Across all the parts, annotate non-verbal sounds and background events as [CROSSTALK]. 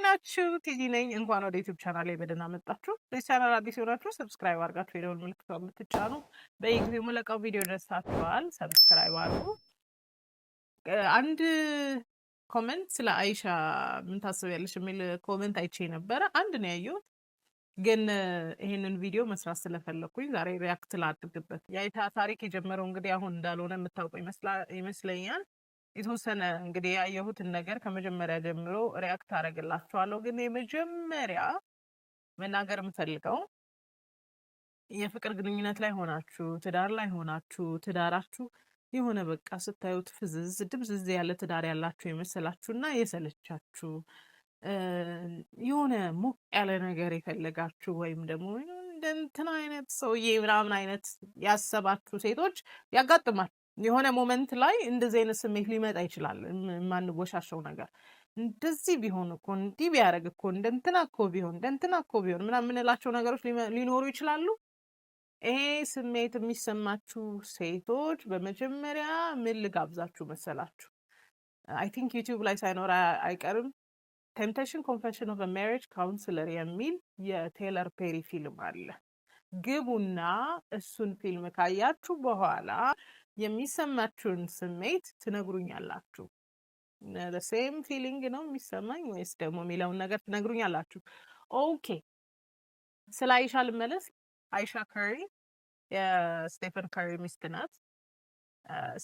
እንዴት ናችሁ? ቲጂ ነኝ። እንኳን ወደ ዩቲብ ቻናል ላይ በደህና መጣችሁ። ለዚህ ቻናል አዲስ የሆናችሁ ሰብስክራይብ አድርጋችሁ የደወል ምልክቷ የምትጫኑ በየጊዜው የምለቀው ቪዲዮ ደርሳችኋል። ሰብስክራይብ አድርጉ። አንድ ኮመንት ስለ አይሻ ምን ታስቢያለሽ የሚል ኮመንት አይቼ ነበረ። አንድ ነው ያየሁት፣ ግን ይሄንን ቪዲዮ መስራት ስለፈለግኩኝ ዛሬ ሪያክት ላድርግበት። የአይሻ ታሪክ የጀመረው እንግዲህ አሁን እንዳልሆነ የምታውቀው ይመስለኛል የተወሰነ እንግዲህ ያየሁትን ነገር ከመጀመሪያ ጀምሮ ሪያክት አደርግላችኋለሁ። ግን የመጀመሪያ መናገር የምፈልገው የፍቅር ግንኙነት ላይ ሆናችሁ ትዳር ላይ ሆናችሁ ትዳራችሁ የሆነ በቃ ስታዩት ፍዝዝ ድብዝዝ ያለ ትዳር ያላችሁ የመሰላችሁ እና የሰለቻችሁ የሆነ ሞቅ ያለ ነገር የፈለጋችሁ ወይም ደግሞ እንደ እንትን አይነት ሰውዬ ምናምን አይነት ያሰባችሁ ሴቶች ያጋጥማችሁ የሆነ ሞመንት ላይ እንደዚህ አይነት ስሜት ሊመጣ ይችላል። የማንወሻሸው ነገር እንደዚህ ቢሆን እኮ እንዲህ ቢያደርግ እኮ እንደንትና እኮ ቢሆን እንደንትና እኮ ቢሆን ምናምን የምንላቸው ነገሮች ሊኖሩ ይችላሉ። ይሄ ስሜት የሚሰማችሁ ሴቶች በመጀመሪያ ምን ልጋብዛችሁ መሰላችሁ? አይ ቲንክ ዩቲዩብ ላይ ሳይኖር አይቀርም ቴምፕቴሽን ኮንፌሽን ኦፍ ማሪጅ ካውንስለር የሚል የቴለር ፔሪ ፊልም አለ። ግቡና እሱን ፊልም ካያችሁ በኋላ የሚሰማችሁን ስሜት ትነግሩኛላችሁ። ሴም ፊሊንግ ነው የሚሰማኝ ወይስ ደግሞ የሚለውን ነገር ትነግሩኛላችሁ። ኦኬ፣ ስለ አይሻ ልመለስ። አይሻ ከሪ የስቴፈን ከሪ ሚስት ናት።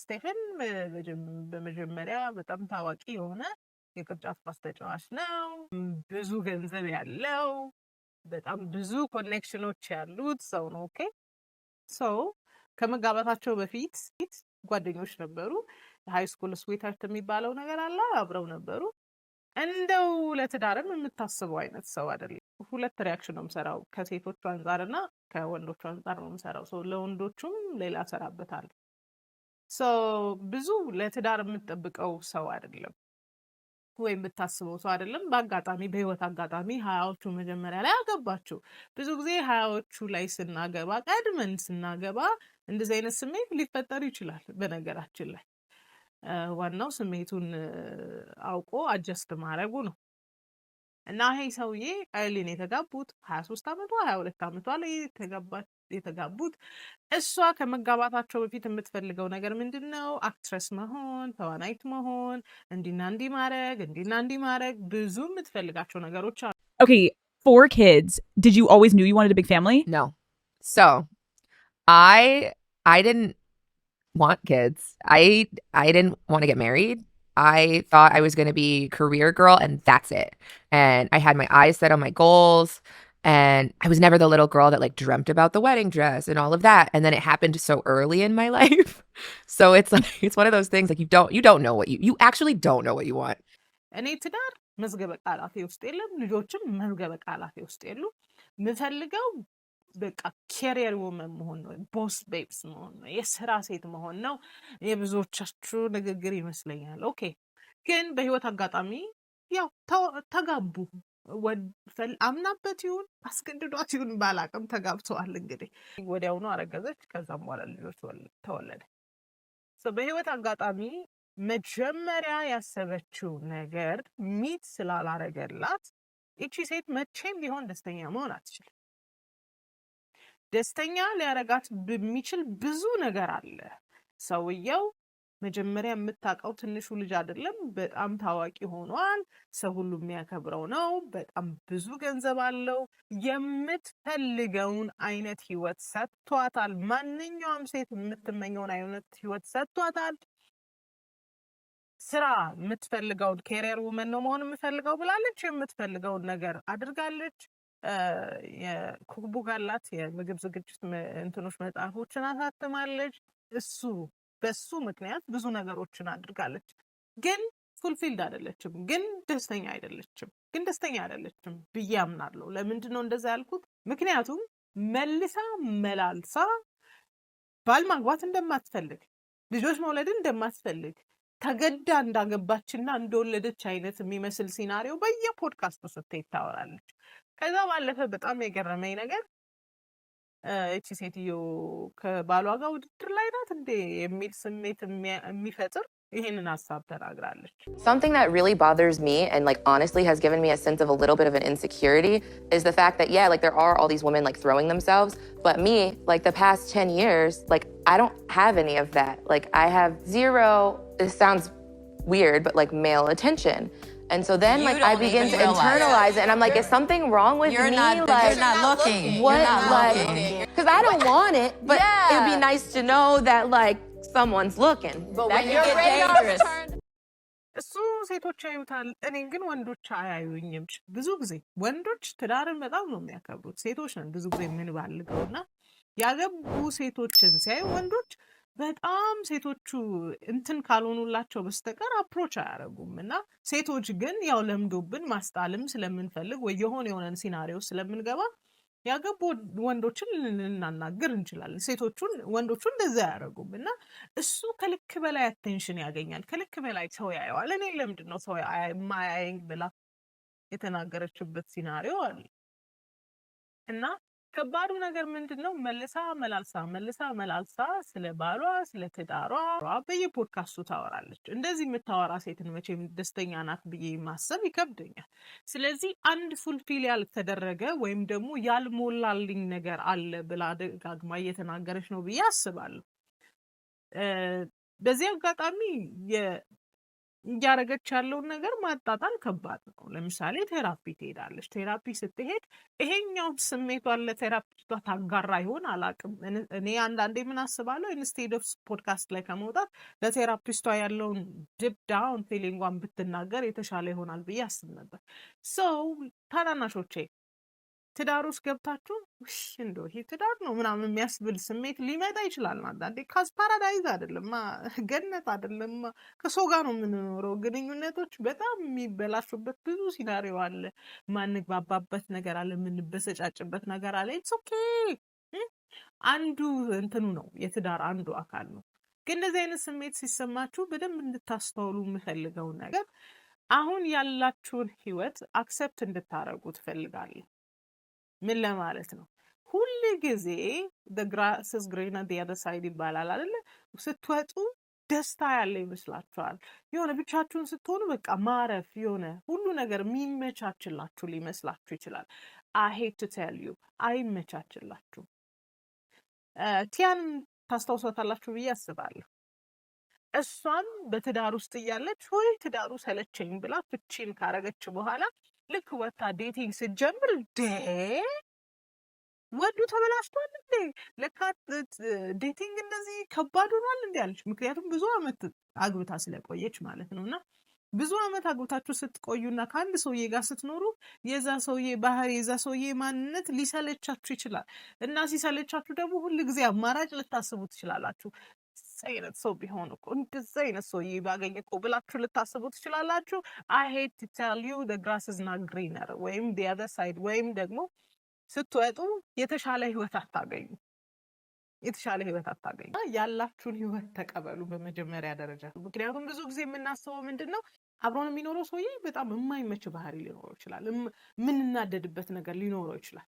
ስቴፈን በመጀመሪያ በጣም ታዋቂ የሆነ የቅርጫት ኳስ ተጫዋች ነው። ብዙ ገንዘብ ያለው በጣም ብዙ ኮኔክሽኖች ያሉት ሰው ነው። ኦኬ ሰው ከመጋባታቸው በፊት ጓደኞች ነበሩ። ሃይ ስኩል ስዊታርት የሚባለው ነገር አለ። አብረው ነበሩ። እንደው ለትዳርም የምታስበው አይነት ሰው አይደለም። ሁለት ሪያክሽን ነው የምሰራው፣ ከሴቶቹ አንጻር እና ከወንዶቹ አንጻር ነው የምሰራው። ሰው ለወንዶቹም ሌላ ሰራበታል። ሰው ብዙ ለትዳር የምጠብቀው ሰው አይደለም። ወይም የምታስበው ሰው አይደለም። በአጋጣሚ በህይወት አጋጣሚ ሀያዎቹ መጀመሪያ ላይ አገባችው። ብዙ ጊዜ ሀያዎቹ ላይ ስናገባ፣ ቀድመን ስናገባ እንደዚህ አይነት ስሜት ሊፈጠር ይችላል። በነገራችን ላይ ዋናው ስሜቱን አውቆ አጀስት ማድረጉ ነው እና ይሄ ሰውዬ አይሊን የተጋቡት ሀያ ሶስት አመቷ ሀያ ሁለት አመቷ ላይ የተጋባች የተጋቡት። እሷ ከመጋባታቸው በፊት የምትፈልገው ነገር ምንድን ነው? አክትረስ መሆን፣ ተዋናይት መሆን፣ እንዲና እንዲ ማድረግ፣ እንዲና እንዲ ማድረግ ብዙ የምትፈልጋቸው ነገሮች አሉ። ኦኬ ፎር ኪድስ ዲድ ዩ ኦልዌዝ ኒው ዩ ዋንትድ አ ቢግ ፋሚሊ ኖ ሶ አይ አይ ዲድንት want kids. I I didn't want to get married. I thought I was going to be career girl and that's it. And I had my eyes set on my goals. And I was never the little girl that like dreamt about the wedding dress and all of that. And then it happened so early in my [LAUGHS] life. so it's like it's one of those things like you don't you don't know what you you actually don't know what you want. እኔ ትዳር መዝገበ ቃላቴ ውስጥ የለም። ልጆችም መዝገበ ቃላቴ ውስጥ የሉ። የምፈልገው በቃ ኬሪየር ውመን መሆን ነው፣ ቦስ ቤብስ መሆን ነው፣ የስራ ሴት መሆን ነው። የብዙዎቻችሁ ንግግር ይመስለኛል። ኦኬ፣ ግን በህይወት አጋጣሚ ያው ተጋቡ፣ አምናበት ይሁን አስገድዷት ይሁን ባላቅም ተጋብተዋል። እንግዲህ ወዲያውኑ አረገዘች። ከዛም በኋላ ልጆች ተወለደ። በህይወት አጋጣሚ መጀመሪያ ያሰበችው ነገር ሚት ስላላረገላት ይቺ ሴት መቼም ቢሆን ደስተኛ መሆን አትችልም። ደስተኛ ሊያረጋት በሚችል ብዙ ነገር አለ። ሰውየው መጀመሪያ የምታውቀው ትንሹ ልጅ አይደለም። በጣም ታዋቂ ሆኗል። ሰው ሁሉ የሚያከብረው ነው። በጣም ብዙ ገንዘብ አለው። የምትፈልገውን አይነት ህይወት ሰጥቷታል። ማንኛውም ሴት የምትመኘውን አይነት ህይወት ሰጥቷታል። ስራ የምትፈልገውን ኬሪየር ውመን ነው መሆን የምፈልገው ብላለች። የምትፈልገውን ነገር አድርጋለች። የኩክቡክ አላት። የምግብ ዝግጅት እንትኖች መጽሐፎችን አሳትማለች። እሱ በሱ ምክንያት ብዙ ነገሮችን አድርጋለች። ግን ፉልፊልድ አይደለችም፣ ግን ደስተኛ አይደለችም፣ ግን ደስተኛ አይደለችም ብዬ አምናለሁ። ለምንድን ነው እንደዛ ያልኩት? ምክንያቱም መልሳ መላልሳ ባል ማግባት እንደማትፈልግ ልጆች መውለድ እንደማትፈልግ ተገዳ እንዳገባችና እንደወለደች አይነት የሚመስል ሲናሪዮ በየፖድካስቱ ስትይ ታወራለች። ከዛ ባለፈ በጣም የገረመኝ ነገር እቺ ሴትዮ ከባሏ ጋር ውድድር ላይ ናት እንዴ የሚል ስሜት የሚፈጥር ይህንን ሀሳብ ተናግራለች። Something that really bothers me and like honestly has given me a sense of a little bit of an insecurity is the fact that yeah, like there are all these women like throwing themselves, but me, like the past 10 years, like I don't have any of that. Like I have zero, this sounds weird, but like male attention. And so then, You like, I don't begin to even realize. internalize it, and I'm like, is something wrong with You're me? not, like, you're not looking. what, You're not looking. like, because I don't want it, but it'd Yeah. be nice to know that, like, someone's looking. But when you get dangerous. እሱ ሴቶች ያዩታል፣ እኔ ግን ወንዶች አያዩኝም። ብዙ ጊዜ ወንዶች ትዳርን በጣም ነው የሚያከብሩት። ሴቶች ነን ብዙ ጊዜ የምንባልገው እና ያገቡ ሴቶችን ሲያዩ ወንዶች በጣም ሴቶቹ እንትን ካልሆኑላቸው በስተቀር አፕሮች አያደርጉም። እና ሴቶች ግን ያው ለምዶብን ማስጣልም ስለምንፈልግ ወይ የሆነ የሆነን ሲናሪዮ ስለምንገባ ያገቡ ወንዶችን ልናናግር እንችላለን። ሴቶቹን ወንዶቹ እንደዛ አያደርጉም እና እሱ ከልክ በላይ አቴንሽን ያገኛል። ከልክ በላይ ሰው ያየዋል። እኔ ለምንድን ነው ሰው የማያየኝ ብላ የተናገረችበት ሲናሪዮ አለ እና ከባዱ ነገር ምንድን ነው? መልሳ መላልሳ መልሳ መላልሳ ስለ ባሏ ስለ ትዳሯ በየፖድካስቱ ታወራለች። እንደዚህ የምታወራ ሴትን መቼም ደስተኛ ናት ብዬ ማሰብ ይከብደኛል። ስለዚህ አንድ ፉልፊል ያልተደረገ ወይም ደግሞ ያልሞላልኝ ነገር አለ ብላ ደጋግማ እየተናገረች ነው ብዬ አስባለሁ። በዚህ አጋጣሚ እያደረገች ያለውን ነገር ማጣጣል ከባድ ነው። ለምሳሌ ቴራፒ ትሄዳለች። ቴራፒ ስትሄድ ይሄኛውን ስሜቷን ለቴራፒስቷ ታጋራ ይሆን አላቅም። እኔ አንዳንዴ ምን አስባለሁ ኢንስቴድ ኦፍ ፖድካስት ላይ ከመውጣት ለቴራፒስቷ ያለውን ድብዳውን ፊሊንጓን ብትናገር የተሻለ ይሆናል ብዬ አስብ ነበር። ሰው ታናናሾቼ ትዳር ውስጥ ገብታችሁ ውሽ እንደው ይሄ ትዳር ነው ምናምን የሚያስብል ስሜት ሊመጣ ይችላል። አንዳንዴ ካዝ ፓራዳይዝ አይደለም ገነት አይደለም ከሰው ጋር ነው የምንኖረው። ግንኙነቶች በጣም የሚበላሹበት ብዙ ሲናሪዮ አለ። ማንግባባበት ነገር አለ፣ የምንበሰጫጭበት ነገር አለ። ኢትስ ኦኬ አንዱ እንትኑ ነው የትዳር አንዱ አካል ነው። ግን እንደዚህ አይነት ስሜት ሲሰማችሁ በደንብ እንድታስተውሉ የምፈልገው ነገር አሁን ያላችሁን ህይወት አክሰፕት እንድታደርጉ ትፈልጋለሁ። ምን ለማለት ነው? ሁል ጊዜ ግራስስ ግሪን ዲያደ ይባላል አይደለ? ስትወጡ ደስታ ያለ ይመስላችኋል። የሆነ ብቻችሁን ስትሆኑ በቃ ማረፍ የሆነ ሁሉ ነገር የሚመቻችላችሁ ሊመስላችሁ ይችላል። አሄት ቴልዩ አይመቻችላችሁ። ቲያን ታስታውሳታላችሁ ብዬ አስባለሁ። እሷም በትዳር ውስጥ እያለች ሆይ ትዳሩ ሰለቸኝ ብላ ፍቺን ካረገች በኋላ ልክ ወታ ዴቲንግ ስትጀምር ደ ወዱ ተበላሽቷል እንዴ ለካ ዴቲንግ እንደዚህ ከባድ ሆኗል እንዴ አለች። ምክንያቱም ብዙ አመት አግብታ ስለቆየች ማለት ነው እና ብዙ አመት አግብታችሁ ስትቆዩና ከአንድ ሰውዬ ጋር ስትኖሩ የዛ ሰውዬ ባህሪ፣ የዛ ሰውዬ ማንነት ሊሰለቻችሁ ይችላል እና ሲሰለቻችሁ ደግሞ ሁል ጊዜ አማራጭ ልታስቡ ትችላላችሁ። እንደዚህ አይነት ሰው ቢሆን እኮ እንደዚህ አይነት ሰው ባገኘ እኮ ብላችሁ ልታስቡ ትችላላችሁ። አይ ሄድ ቱ ቴል ዩ ግራስ ናት ግሪነር ወይም ዲ አዘር ሳይድ ወይም ደግሞ ስትወጡ የተሻለ ህይወት አታገኙ የተሻለ ህይወት አታገኙ። ያላችሁን ህይወት ተቀበሉ በመጀመሪያ ደረጃ። ምክንያቱም ብዙ ጊዜ የምናስበው ምንድን ነው አብሮን የሚኖረው ሰውዬ በጣም የማይመች ባህሪ ሊኖረው ይችላል፣ የምንናደድበት ነገር ሊኖረው ይችላል።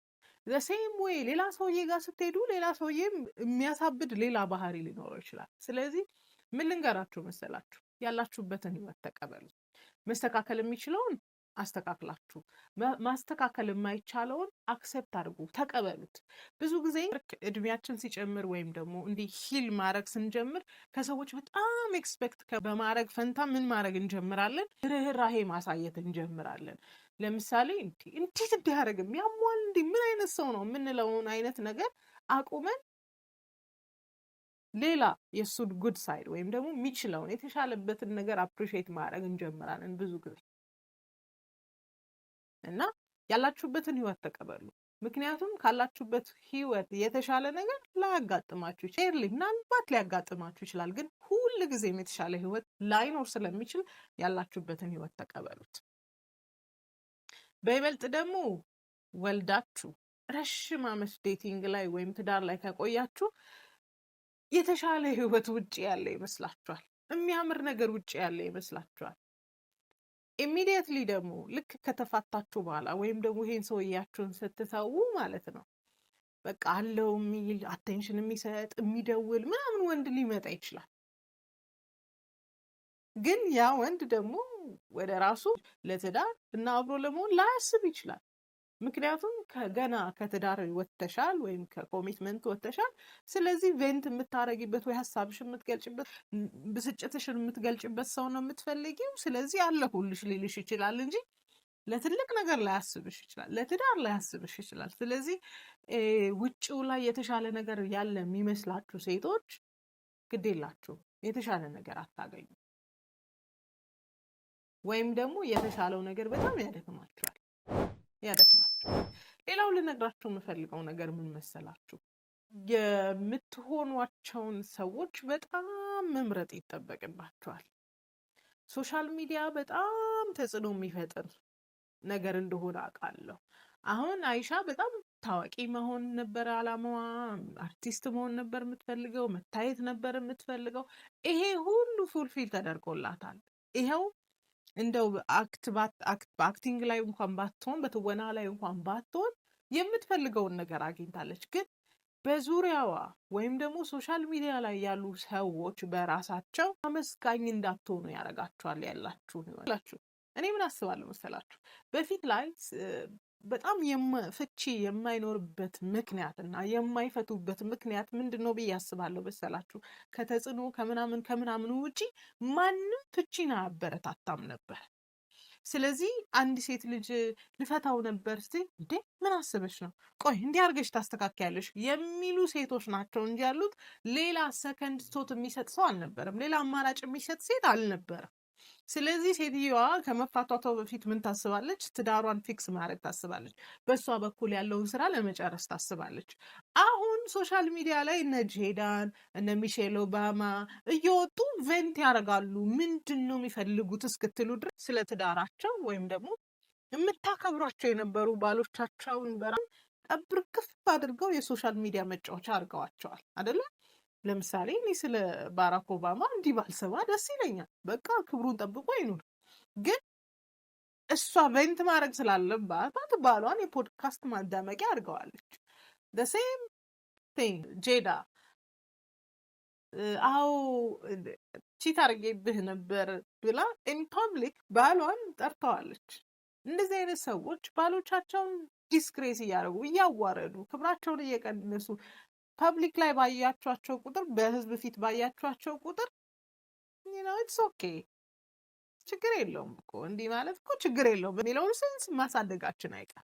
ዘሴም ወይ ሌላ ሰውዬ ጋር ስትሄዱ ሌላ ሰውዬም የሚያሳብድ ሌላ ባህሪ ሊኖረው ይችላል። ስለዚህ ምን ልንገራችሁ መሰላችሁ ያላችሁበትን ህይወት ተቀበሉ። መስተካከል የሚችለውን አስተካክላችሁ ማስተካከል የማይቻለውን አክሰፕት አድርጉ፣ ተቀበሉት። ብዙ ጊዜ እድሜያችን ሲጨምር ወይም ደግሞ እንዲህ ሂል ማድረግ ስንጀምር ከሰዎች በጣም ኤክስፔክት በማድረግ ፈንታ ምን ማድረግ እንጀምራለን? ርህራሄ ማሳየት እንጀምራለን። ለምሳሌ እንዴት እንዲያደርግም ያሟል እንዲ ምን አይነት ሰው ነው የምንለውን አይነት ነገር አቁመን ሌላ የእሱ ጉድ ሳይድ ወይም ደግሞ የሚችለውን የተሻለበትን ነገር አፕሪሼት ማድረግ እንጀምራለን ብዙ ጊዜ እና ያላችሁበትን ህይወት ተቀበሉ። ምክንያቱም ካላችሁበት ህይወት የተሻለ ነገር ላያጋጥማችሁ ይችላል። ምናልባት ሊያጋጥማችሁ ይችላል፣ ግን ሁል ጊዜም የተሻለ ህይወት ላይኖር ስለሚችል ያላችሁበትን ህይወት ተቀበሉት። በይበልጥ ደግሞ ወልዳችሁ ረዥም አመት ዴቲንግ ላይ ወይም ትዳር ላይ ከቆያችሁ የተሻለ ህይወት ውጭ ያለ ይመስላችኋል። የሚያምር ነገር ውጭ ያለ ይመስላችኋል። ኢሚዲየትሊ ደግሞ ልክ ከተፋታችሁ በኋላ ወይም ደግሞ ይሄን ሰውያችሁን ስትተዉ ማለት ነው በቃ አለው የሚል አቴንሽን የሚሰጥ የሚደውል ምናምን ወንድ ሊመጣ ይችላል። ግን ያ ወንድ ደግሞ ወደ ራሱ ለትዳር እና አብሮ ለመሆን ላያስብ ይችላል። ምክንያቱም ከገና ከትዳር ወጥተሻል ወይም ከኮሚትመንት ወጥተሻል። ስለዚህ ቬንት የምታረጊበት ወይ ሀሳብሽ የምትገልጭበት ብስጭትሽን የምትገልጭበት ሰው ነው የምትፈልጊው። ስለዚህ አለሁልሽ ሊልሽ ይችላል እንጂ ለትልቅ ነገር ላያስብሽ ይችላል፣ ለትዳር ላያስብሽ ይችላል። ስለዚህ ውጭው ላይ የተሻለ ነገር ያለ የሚመስላችሁ ሴቶች ግዴላችሁ፣ የተሻለ ነገር አታገኙ። ወይም ደግሞ የተሻለው ነገር በጣም ያደክማቸዋል ያደክማቸዋል። ሌላው ልነግራቸው የምፈልገው ነገር ምን መሰላችሁ? የምትሆኗቸውን ሰዎች በጣም መምረጥ ይጠበቅባቸዋል። ሶሻል ሚዲያ በጣም ተጽዕኖ የሚፈጥር ነገር እንደሆነ አውቃለሁ። አሁን አይሻ በጣም ታዋቂ መሆን ነበር አላማዋ፣ አርቲስት መሆን ነበር የምትፈልገው፣ መታየት ነበር የምትፈልገው። ይሄ ሁሉ ፉልፊል ተደርጎላታል። ይኸው እንደው አክት አክቲንግ ላይ እንኳን ባትሆን በትወና ላይ እንኳን ባትሆን የምትፈልገውን ነገር አግኝታለች። ግን በዙሪያዋ ወይም ደግሞ ሶሻል ሚዲያ ላይ ያሉ ሰዎች በራሳቸው አመስጋኝ እንዳትሆኑ ያደርጋችኋል። ያላችሁ እኔ ምን አስባለሁ መሰላችሁ በፊት ላይ በጣም ፍቺ የማይኖርበት ምክንያት እና የማይፈቱበት ምክንያት ምንድን ነው ብዬ አስባለሁ መሰላችሁ? ከተጽዕኖ ከምናምን ከምናምኑ ውጪ ማንም ፍቺን አያበረታታም ነበር። ስለዚህ አንድ ሴት ልጅ ልፈታው ነበር ስ እንዴ ምን አስበሽ ነው? ቆይ እንዲህ አድርገሽ ታስተካክያለሽ የሚሉ ሴቶች ናቸው እንጂ ያሉት ሌላ ሰከንድ ቶት የሚሰጥ ሰው አልነበረም። ሌላ አማራጭ የሚሰጥ ሴት አልነበረም። ስለዚህ ሴትየዋ ከመፋቷቷ በፊት ምን ታስባለች? ትዳሯን ፊክስ ማድረግ ታስባለች። በእሷ በኩል ያለውን ስራ ለመጨረስ ታስባለች። አሁን ሶሻል ሚዲያ ላይ እነ ጄዳን እነ ሚሼል ኦባማ እየወጡ ቬንት ያደርጋሉ። ምንድን ነው የሚፈልጉት እስክትሉ ድረስ ስለ ትዳራቸው ወይም ደግሞ የምታከብሯቸው የነበሩ ባሎቻቸውን በራ ጠብር ክፍ አድርገው የሶሻል ሚዲያ መጫወቻ አድርገዋቸዋል አደለም? ለምሳሌ እኔ ስለ ባራክ ኦባማ እንዲህ ባልሰማ ደስ ይለኛል። በቃ ክብሩን ጠብቆ ይኑር። ግን እሷ በንት ማድረግ ስላለባት ባሏን የፖድካስት ማዳመቂያ አድርገዋለች። ደሴም ቲንግ ጄዳ አዎ ቺት አድርጌብህ ነበር ብላ ኢን ፐብሊክ ባሏን ጠርተዋለች። እንደዚህ አይነት ሰዎች ባሎቻቸውን ዲስግሬስ እያደረጉ እያዋረዱ ክብራቸውን እየቀነሱ ፐብሊክ ላይ ባያቸኋቸው ቁጥር በህዝብ ፊት ባያቸኋቸው ቁጥር ነው ኢትስ ኦኬ ችግር የለውም እኮ እንዲህ ማለት እኮ ችግር የለውም በሚለውን ስንስ ማሳደጋችን አይቀር።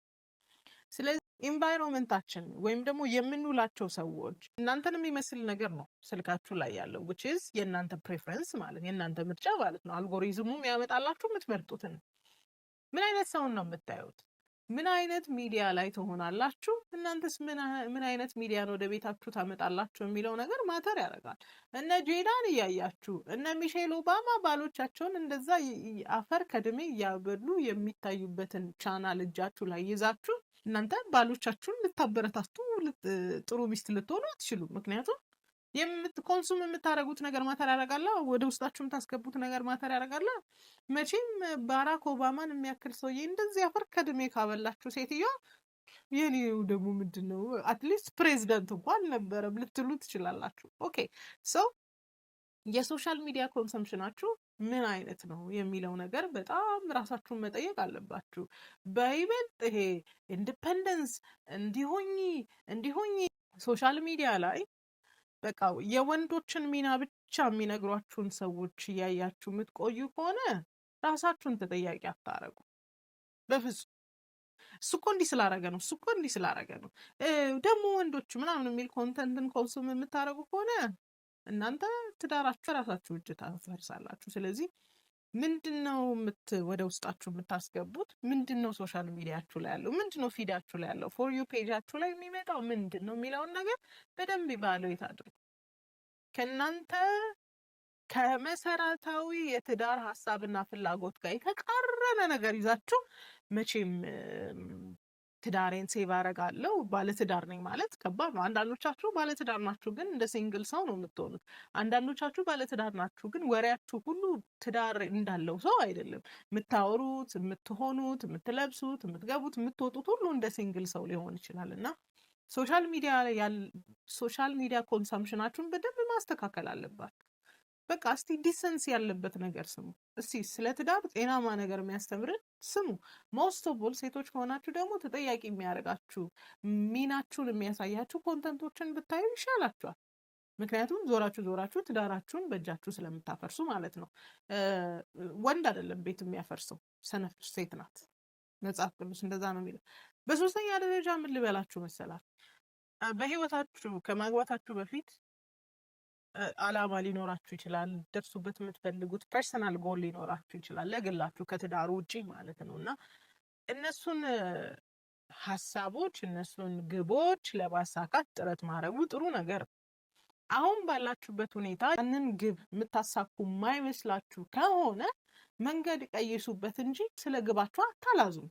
ስለዚህ ኢንቫይሮንመንታችን ወይም ደግሞ የምንውላቸው ሰዎች እናንተን የሚመስል ነገር ነው ስልካችሁ ላይ ያለው ዊች የእናንተ ፕሬፈረንስ ማለት የእናንተ ምርጫ ማለት ነው። አልጎሪዝሙም ያመጣላችሁ የምትመርጡትን ምን አይነት ሰውን ነው የምታዩት? ምን አይነት ሚዲያ ላይ ትሆናላችሁ? እናንተስ ምን አይነት ሚዲያ ነው ወደ ቤታችሁ ታመጣላችሁ የሚለው ነገር ማተር ያደርጋል። እነ ጄዳን እያያችሁ እነ ሚሼል ኦባማ ባሎቻቸውን እንደዛ አፈር ከድሜ እያበሉ የሚታዩበትን ቻናል እጃችሁ ላይ ይዛችሁ እናንተ ባሎቻችሁን ልታበረታቱ ጥሩ ሚስት ልትሆኑ አትችሉም። ምክንያቱም ኮንሱም የምታደረጉት ነገር ማተር ያደርጋል። ወደ ውስጣችሁ የምታስገቡት ነገር ማተር ያደርጋል። መቼም ባራክ ኦባማን የሚያክል ሰውዬ እንደዚህ አፈር ከድሜ ካበላችሁ ሴትዮዋ የኔው ደግሞ ምንድን ነው አትሊስት ፕሬዚደንት እንኳን አልነበረም ልትሉ ትችላላችሁ። ኦኬ ሰው የሶሻል ሚዲያ ኮንሰምፕሽናችሁ ምን አይነት ነው የሚለው ነገር በጣም ራሳችሁን መጠየቅ አለባችሁ። በይበልጥ ይሄ ኢንዲፐንደንስ እንዲሆኝ እንዲሆኝ ሶሻል ሚዲያ ላይ በቃ የወንዶችን ሚና ብቻ የሚነግሯችሁን ሰዎች እያያችሁ የምትቆዩ ከሆነ ራሳችሁን ተጠያቂ አታረጉ። በፍጹም እሱ እኮ እንዲህ ስላረገ ነው፣ እሱ እኮ እንዲህ ስላረገ ነው ደግሞ ወንዶች ምናምን የሚል ኮንተንትን ኮንሱም የምታረጉ ከሆነ እናንተ ትዳራችሁ ራሳችሁ እጅ ታፈርሳላችሁ። ስለዚህ ምንድን ነው ወደ ውስጣችሁ የምታስገቡት? ምንድን ነው ሶሻል ሚዲያችሁ ላይ ያለው? ምንድን ነው ፊዳችሁ ላይ ያለው? ፎር ዩ ፔጃችሁ ላይ የሚመጣው ምንድን ነው የሚለውን ነገር በደንብ ኢቫሉዌት አድርጉ። ከእናንተ ከመሰረታዊ የትዳር ሀሳብና ፍላጎት ጋር የተቃረነ ነገር ይዛችሁ መቼም ትዳሬን ሴቭ አረጋለሁ ባለትዳር ነኝ ማለት ከባድ ነው። አንዳንዶቻችሁ ባለትዳር ናችሁ፣ ግን እንደ ሲንግል ሰው ነው የምትሆኑት። አንዳንዶቻችሁ ባለትዳር ናችሁ፣ ግን ወሬያችሁ ሁሉ ትዳር እንዳለው ሰው አይደለም። የምታወሩት፣ የምትሆኑት፣ የምትለብሱት፣ የምትገቡት፣ የምትወጡት ሁሉ እንደ ሲንግል ሰው ሊሆን ይችላል እና ሶሻል ሚዲያ ሶሻል ሚዲያ ኮንሰምፕሽናችሁን በደንብ ማስተካከል አለባችሁ። በቃ እስቲ ዲሰንስ ያለበት ነገር ስሙ። እስቲ ስለ ትዳር ጤናማ ነገር የሚያስተምርን ስሙ። ሞስት ኦፍ ኦል ሴቶች ከሆናችሁ ደግሞ ተጠያቂ የሚያደርጋችሁ ሚናችሁን የሚያሳያችሁ ኮንተንቶችን ብታዩ ይሻላችኋል። ምክንያቱም ዞራችሁ ዞራችሁ ትዳራችሁን በእጃችሁ ስለምታፈርሱ ማለት ነው። ወንድ አይደለም ቤት የሚያፈርሰው ሰነፍ ሴት ናት። መጽሐፍ ቅዱስ እንደዛ ነው የሚለው። በሶስተኛ ደረጃ ምን ልበላችሁ መሰላችሁ፣ በህይወታችሁ ከማግባታችሁ በፊት አላማ ሊኖራችሁ ይችላል። ደርሱበት የምትፈልጉት ፐርሰናል ጎል ሊኖራችሁ ይችላል፣ ለግላችሁ ከትዳሩ ውጪ ማለት ነው እና እነሱን ሀሳቦች እነሱን ግቦች ለማሳካት ጥረት ማድረጉ ጥሩ ነገር ነው። አሁን ባላችሁበት ሁኔታ ያንን ግብ የምታሳኩ የማይመስላችሁ ከሆነ መንገድ ቀይሱበት እንጂ ስለ ግባችሁ አታላዙም።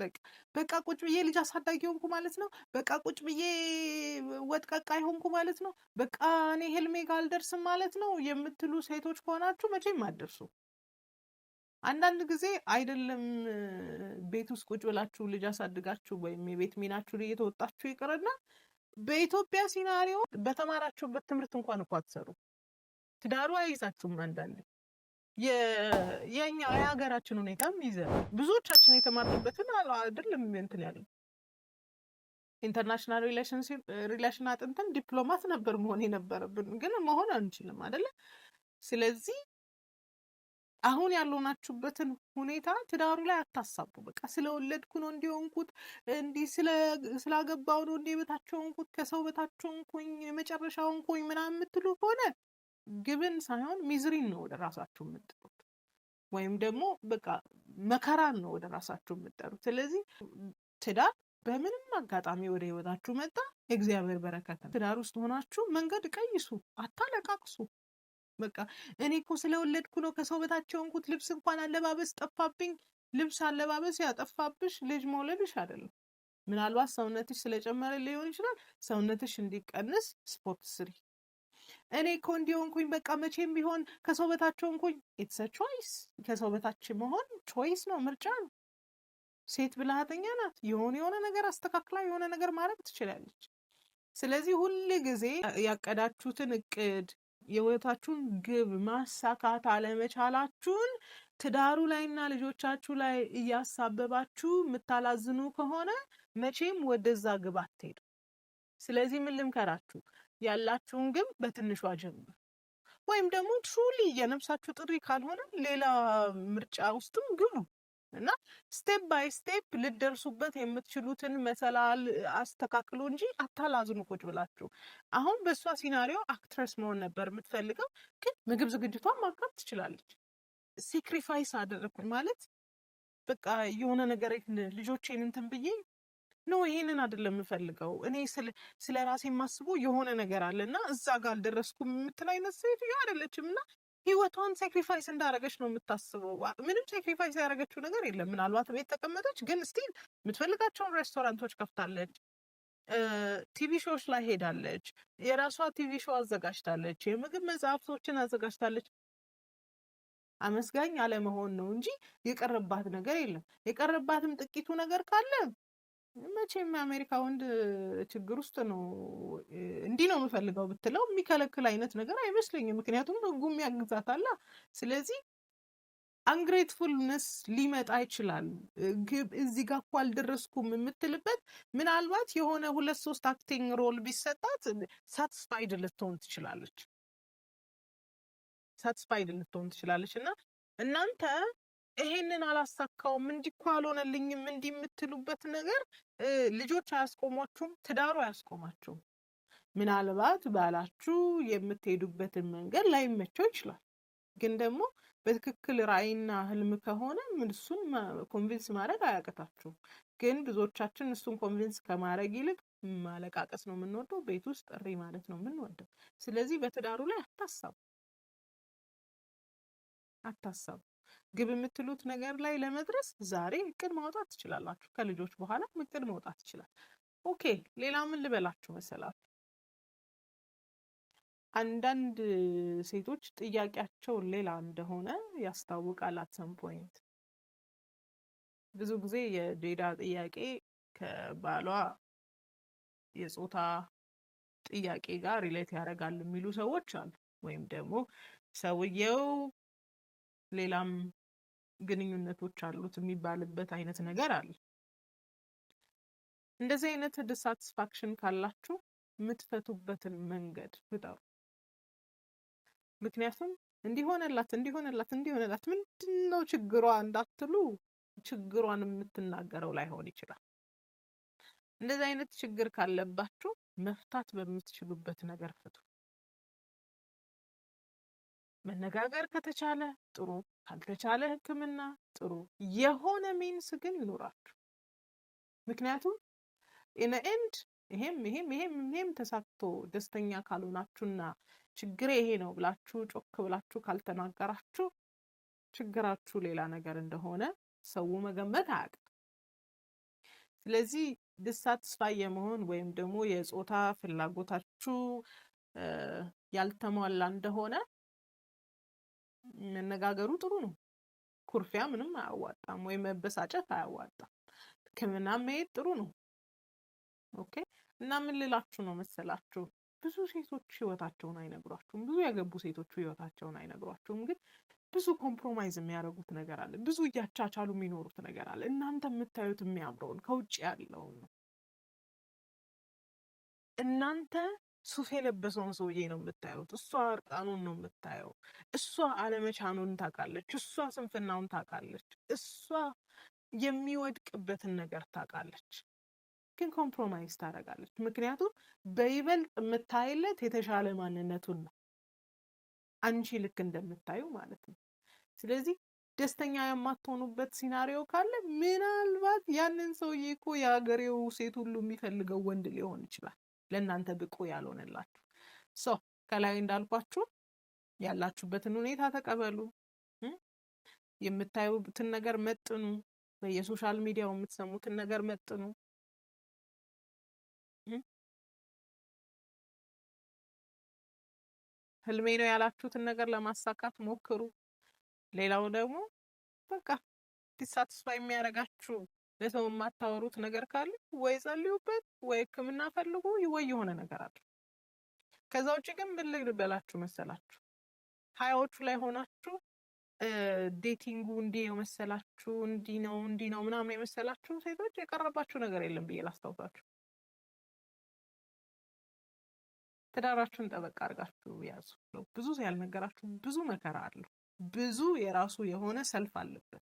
በቃ በቃ ቁጭ ብዬ ልጅ አሳዳጊ ሆንኩ ማለት ነው። በቃ ቁጭ ብዬ ወጥቀቃ ሆንኩ ማለት ነው። በቃ እኔ ህልሜ ጋር አልደርስም ማለት ነው የምትሉ ሴቶች ከሆናችሁ መቼም አደርሱ አንዳንድ ጊዜ አይደለም ቤት ውስጥ ቁጭ ብላችሁ ልጅ አሳድጋችሁ ወይም የቤት ሚናችሁ እየተወጣችሁ ይቅርና በኢትዮጵያ ሲናሪዮ በተማራችሁበት ትምህርት እንኳን እኮ አትሰሩ። ትዳሩ አይይዛችሁም አንዳንዴ የኛ የሀገራችን ሁኔታም ይዘ ብዙዎቻችን የተማርንበትን አይደለም እንትን ያለ ኢንተርናሽናል ሪሌሽን አጥንተን ዲፕሎማት ነበር መሆን የነበረብን፣ ግን መሆን አንችልም አደለ። ስለዚህ አሁን ያልሆናችሁበትን ሁኔታ ትዳሩ ላይ አታሳቡ። በቃ ስለወለድኩ ነው እንዲሆንኩት፣ እንዲ ስላገባው ነው እንዲ በታቸው ሆንኩት፣ ከሰው በታቸው ሆንኩኝ፣ የመጨረሻ ሆንኩኝ ምናምን የምትሉ ከሆነ ግብን ሳይሆን ሚዝሪን ነው ወደ ራሳችሁ የምጠሩት፣ ወይም ደግሞ በቃ መከራን ነው ወደ ራሳችሁ የምጠሩት ስለዚህ ትዳር በምንም አጋጣሚ ወደ ህይወታችሁ መጣ የእግዚአብሔር በረከት ነው። ትዳር ውስጥ ሆናችሁ መንገድ ቀይሱ፣ አታለቃቅሱ። በቃ እኔ እኮ ስለወለድኩ ነው ከሰው በታች የሆንኩት፣ ልብስ እንኳን አለባበስ ጠፋብኝ። ልብስ አለባበስ ያጠፋብሽ ልጅ መውለድሽ አይደለም። ምናልባት ሰውነትሽ ስለጨመረ ሊሆን ይችላል። ሰውነትሽ እንዲቀንስ ስፖርት ስሪ። እኔ እኮ እንዲሆንኩኝ በቃ መቼም ቢሆን ከሰው በታች ሆንኩኝ። ኢትስ ቾይስ ከሰው በታች መሆን ቾይስ ነው፣ ምርጫ ነው። ሴት ብልሃተኛ ናት። የሆነ የሆነ ነገር አስተካክላ የሆነ ነገር ማድረግ ትችላለች። ስለዚህ ሁል ጊዜ ያቀዳችሁትን እቅድ የወታችሁን ግብ ማሳካት አለመቻላችሁን ትዳሩ ላይና ልጆቻችሁ ላይ እያሳበባችሁ የምታላዝኑ ከሆነ መቼም ወደዛ ግብ አትሄዱ። ስለዚህ ምን ልምከራችሁ? ያላችሁን ግን በትንሿ ጀምሩ። ወይም ደግሞ ትሩሊ የነፍሳችሁ ጥሪ ካልሆነ ሌላ ምርጫ ውስጥም ግቡ እና ስቴፕ ባይ ስቴፕ ልደርሱበት የምትችሉትን መሰላል አስተካክሉ እንጂ አታላዝኑ ቁጭ ብላችሁ። አሁን በእሷ ሲናሪዮ አክትረስ መሆን ነበር የምትፈልገው፣ ግን ምግብ ዝግጅቷን ማቅረብ ትችላለች። ሴክሪፋይስ አደረግኩኝ ማለት በቃ የሆነ ነገር ልጆቼን እንትን ብዬ ኖ ይሄንን አይደለም የምፈልገው። እኔ ስለ ራሴ የማስበው የሆነ ነገር አለ እና እዛ ጋር አልደረስኩም የምትል አይነት ሴትዮ አይደለችም እና ህይወቷን ሳክሪፋይስ እንዳደረገች ነው የምታስበው። ምንም ሳክሪፋይስ ያደረገችው ነገር የለም። ምናልባት ቤት ተቀመጠች፣ ግን ስቲል የምትፈልጋቸውን ሬስቶራንቶች ከፍታለች፣ ቲቪ ሾዎች ላይ ሄዳለች፣ የራሷ ቲቪ ሾው አዘጋጅታለች፣ የምግብ መጽሐፍቶችን አዘጋጅታለች። አመስጋኝ አለመሆን ነው እንጂ የቀረባት ነገር የለም። የቀረባትም ጥቂቱ ነገር ካለ መቼም አሜሪካ ወንድ ችግር ውስጥ ነው። እንዲህ ነው የምፈልገው ብትለው የሚከለክል አይነት ነገር አይመስለኝም። ምክንያቱም ህጉም ያግዛታላ። ስለዚህ አንግሬትፉልነስ ሊመጣ ይችላል። ግብ እዚህ ጋር እኮ አልደረስኩም የምትልበት ምናልባት የሆነ ሁለት ሶስት አክቲንግ ሮል ቢሰጣት ሳትስፋይድ ልትሆን ትችላለች። ሳትስፋይድ ልትሆን ትችላለች እና እናንተ ይሄንን አላሳካውም፣ እንዲህ እኮ አልሆነልኝም፣ እንዲህ የምትሉበት ነገር ልጆች አያስቆሟችሁም፣ ትዳሩ አያስቆማችሁም። ምናልባት ባላችሁ የምትሄዱበትን መንገድ ላይመቸው ይችላል። ግን ደግሞ በትክክል ራዕይና ህልም ከሆነ እሱን ኮንቪንስ ማድረግ አያቅታችሁም። ግን ብዙዎቻችን እሱን ኮንቪንስ ከማድረግ ይልቅ ማለቃቀስ ነው የምንወደው፣ ቤት ውስጥ እሪ ማለት ነው የምንወደው። ስለዚህ በትዳሩ ላይ አታሳቡ አታሳቡ። ግብ የምትሉት ነገር ላይ ለመድረስ ዛሬ እቅድ ማውጣት ትችላላችሁ። ከልጆች በኋላ እቅድ መውጣት ይችላል። ኦኬ ሌላ ምን ልበላችሁ መሰላችሁ? አንዳንድ ሴቶች ጥያቄያቸውን ሌላ እንደሆነ ያስታውቃል። አትሰም ፖይንት ብዙ ጊዜ የዴዳ ጥያቄ ከባሏ የጾታ ጥያቄ ጋር ሪሌት ያደርጋል የሚሉ ሰዎች አሉ። ወይም ደግሞ ሰውየው ሌላም ግንኙነቶች አሉት የሚባልበት አይነት ነገር አለ። እንደዚህ አይነት ዲሳትስፋክሽን ካላችሁ የምትፈቱበትን መንገድ ፍጠሩ። ምክንያቱም እንዲሆነላት እንዲሆነላት እንዲሆነላት ምንድን ነው ችግሯ እንዳትሉ ችግሯን የምትናገረው ላይሆን ይችላል። እንደዚህ አይነት ችግር ካለባችሁ መፍታት በምትችሉበት ነገር ፍቱ። መነጋገር ከተቻለ ጥሩ፣ ካልተቻለ ሕክምና ጥሩ። የሆነ ሚንስ ግን ይኖራችሁ። ምክንያቱም ኢነኤንድ ይሄም ይሄም ይሄም ይሄም ተሳክቶ ደስተኛ ካልሆናችሁና ችግሬ ይሄ ነው ብላችሁ ጮክ ብላችሁ ካልተናገራችሁ ችግራችሁ ሌላ ነገር እንደሆነ ሰው መገመት አያውቅም። ስለዚህ ዲሳትስፋይ የመሆን ወይም ደግሞ የጾታ ፍላጎታችሁ ያልተሟላ እንደሆነ መነጋገሩ ጥሩ ነው። ኩርፊያ ምንም አያዋጣም፣ ወይም መበሳጨት አያዋጣም። ሕክምና መሄድ ጥሩ ነው። ኦኬ እና ምን ልላችሁ ነው መሰላችሁ ብዙ ሴቶች ህይወታቸውን አይነግሯችሁም። ብዙ ያገቡ ሴቶች ህይወታቸውን አይነግሯችሁም። ግን ብዙ ኮምፕሮማይዝ የሚያደርጉት ነገር አለ። ብዙ እያቻቻሉ የሚኖሩት ነገር አለ። እናንተ የምታዩት የሚያምረውን ከውጭ ያለውን ነው። እናንተ ሱፍ የለበሰውን ሰውዬ ነው የምታየውት። እሷ እርቃኑን ነው የምታየው። እሷ አለመቻኑን ታውቃለች። እሷ ስንፍናውን ታውቃለች። እሷ የሚወድቅበትን ነገር ታውቃለች። ግን ኮምፕሮማይዝ ታደርጋለች። ምክንያቱም በይበልጥ የምታይለት የተሻለ ማንነቱን ነው፣ አንቺ ልክ እንደምታዩ ማለት ነው። ስለዚህ ደስተኛ የማትሆኑበት ሲናሪዮ ካለ ምናልባት ያንን ሰውዬ እኮ የሀገሬው ሴት ሁሉ የሚፈልገው ወንድ ሊሆን ይችላል። ለእናንተ ብቁ ያልሆነላችሁ ሶ ከላይ እንዳልኳችሁ ያላችሁበትን ሁኔታ ተቀበሉ። የምታዩትን ነገር መጥኑ። በየሶሻል ሚዲያው የምትሰሙትን ነገር መጥኑ። ህልሜ ነው ያላችሁትን ነገር ለማሳካት ሞክሩ። ሌላው ደግሞ በቃ ዲሳትስፋይ የሚያደርጋችሁ ለሰው የማታወሩት ነገር ካለ ወይ ጸልዩበት፣ ወይ ሕክምና ፈልጉ፣ ወይ የሆነ ነገር አለ። ከዛ ውጭ ግን ምን ልበላችሁ መሰላችሁ ሀያዎቹ ላይ ሆናችሁ ዴቲንጉ እንዲህ የመሰላችሁ እንዲህ ነው እንዲህ ነው ምናምን የመሰላችሁ ሴቶች የቀረባችሁ ነገር የለም ብዬ ላስታውሳችሁ። ትዳራችሁን ጠበቅ አድርጋችሁ ያዙ። ብዙ ያልነገራችሁ ብዙ መከራ አለው። ብዙ የራሱ የሆነ ሰልፍ አለበት።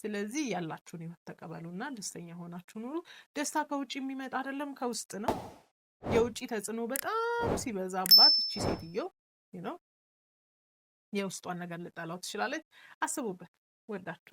ስለዚህ ያላችሁን ህይወት ተቀበሉና ደስተኛ ሆናችሁ ኑሩ። ደስታ ከውጭ የሚመጣ አይደለም፣ ከውስጥ ነው። የውጭ ተጽዕኖ በጣም ሲበዛባት እቺ ሴትዮ ነው የውስጧን ነገር ልጠላው ትችላለች። አስቡበት። ወዳችኋል።